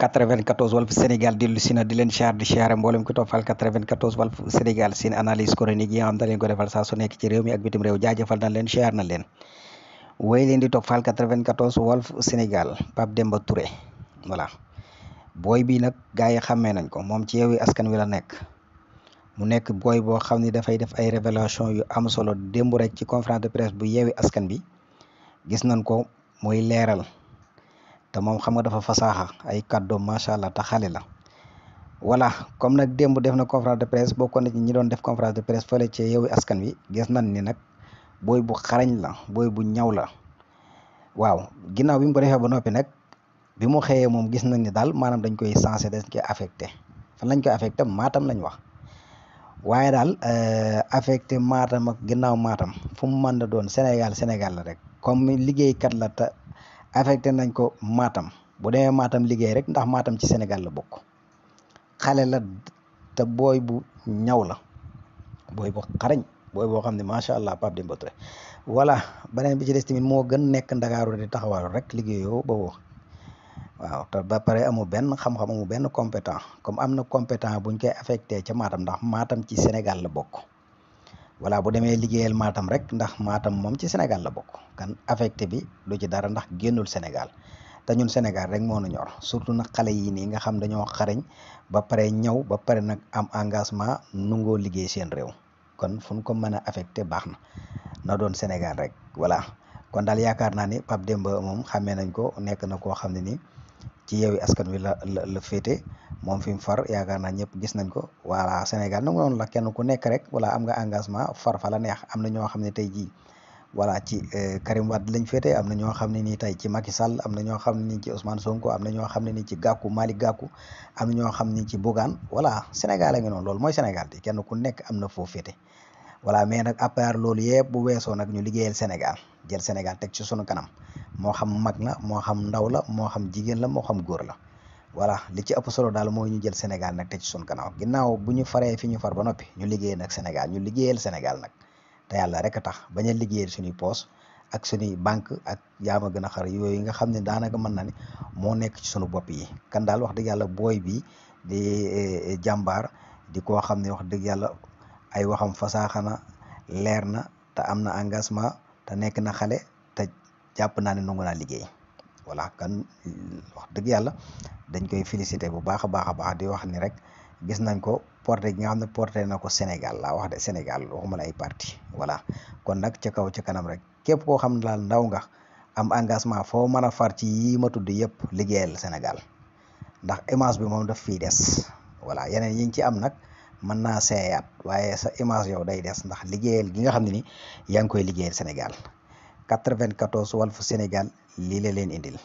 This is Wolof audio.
94 Walf Sénégal dellu si na di leen siyaar di siyaare mboolem ko toppal 94 Walf Sénégal seen analyse chronique yi nga xam da leen ko defal saa leen siyaar na leen wooy leen di toppal 94 Walf Sénégal Pape voilà booy bi nag gars yi xàmmee nañ ko moom ci Yewwi Askan Wi la nekk mu nekk booy boo xam ni dafay def ay révélation yu am solo démb rek ci confrant de presse bu Yewwi Askan bi gis nañ ko muy leeral te moom xam nga dafa fasaaxa ay kàddoom macha allah te xale la voilà comme nag démb def na conférence de presse bokkoon na ci ñi doon def conférence de presse fële ci Yewwi Askan Wi gis nañ ni nag booy bu xarañ la booy bu ñaw la waaw ginnaaw bi mu ko defee ba noppi nag bi mu xëyee moom gis nañ ni daal maanaam dañ koy sensé dañ koy affecté fan lañ koy affecté maatam lañ wax waaye daal euh, affecté maatam ak ginnaaw maatam fu mu mën doon Sénégal Sénégal rek comme liggéeykat affecté nañ ko maatam bu demee maatam liggéey rek ndax maatam ci Sénégal la bokk xale la te booy bu ñaw la booy bu xarañ booy boo xam ne macha allah Pape Demba Touré voilà beneen bi ci des tamit moo gën nekk ndakaaru di taxawaaru rek liggéeyoo ba woo waaw te ba pare amu benn xam-xam amu benn compétent comme am na compétent buñ koy affecté ca maatam ndax maatam ci Sénégal la bokk. voilà bu demee liggéeyal Matam rek ndax maatam moom ci Sénégal la bokk kan affecté bi du ci dara ndax génnul Sénégal te ñun Sénégal rek moo nu ñor surtout nag xale yi nii nga xam dañoo xarañ ba pare ñëw ba pare nag am engagement nungoo liggéey seen réew kon fu ñu ko mën affecté baax na na doon Sénégal rek voilà kon daal yaakaar naa ni Pape Demba moom xamee nañ ko nekk na koo xam ne nii ci yeewi askan wi la la la féete moom fi mu far yaakaar naa ñëpp gis nañ ko voilà Sénégal nag noonu la kenn ku nekk rek voilà am nga engagement far neex am na ñoo xam ne tey jii voilà ci euh, Karim Wade lañ féete am na ñoo xam ne nii tey ci Macky Sall am na ñoo xam ne ci Ousmane Sonko am na ñoo xam ne nii ci Gakou Malick Gakou am na ñoo xam ne ci Bougane wala Sénégal a ngi noonu loolu mooy Sénégal di kenn ku nekk am na foo féete wala mais nag à part loolu yëpp bu weesoo nag ñu liggéeyal Sénégal jël Sénégal teg ci sunu kanam moo xam mag la moo xam ndaw la moo xam jigéen la moo xam góor la voilà li ci ëpp solo daal mooy ñu jël Sénégal nag te ci suñ kanam ginnaaw bu ñu faree fi ñu far ba noppi ñu liggéey nag Sénégal ñu liggéeyal Sénégal nag te yàlla rek a tax bañ a liggéeyal suñuy poos ak suñuy banque ak yaama gën a xar yooyu nga xam ne daanaka mën na moo nekk ci suñu bopp yi kan daal wax dëgg yàlla booy bi di eh, jàmbaar di koo xam ne wax dëgg yàlla ay waxam fasaaxana leer na te am na engagement te nekk na xale te jàpp naa ne nangu naa liggéey voilà kan wax dëgg yàlla dañ koy félicité bu baax a baax a baax di wax ni rek gis nañ ko porté gi nga xam ne porté na ko Sénégal laa wax de Sénégal waxuma la ay parti voilà kon nag ca kaw ca kanam rek képp koo xam ne daal ndaw nga am engagement foo mën a far ci yii ma tudd yëpp liggéeyal Sénégal ndax image bi moom daf fii des voilà yenen yi ñu ci am nag mën naa seeyaat waaye sa image yow day des ndax liggéeyal gi nga xam ne ni yaa ngi koy liggéeyal Sénégal 94 Walfu Sénégal lii la leen indil.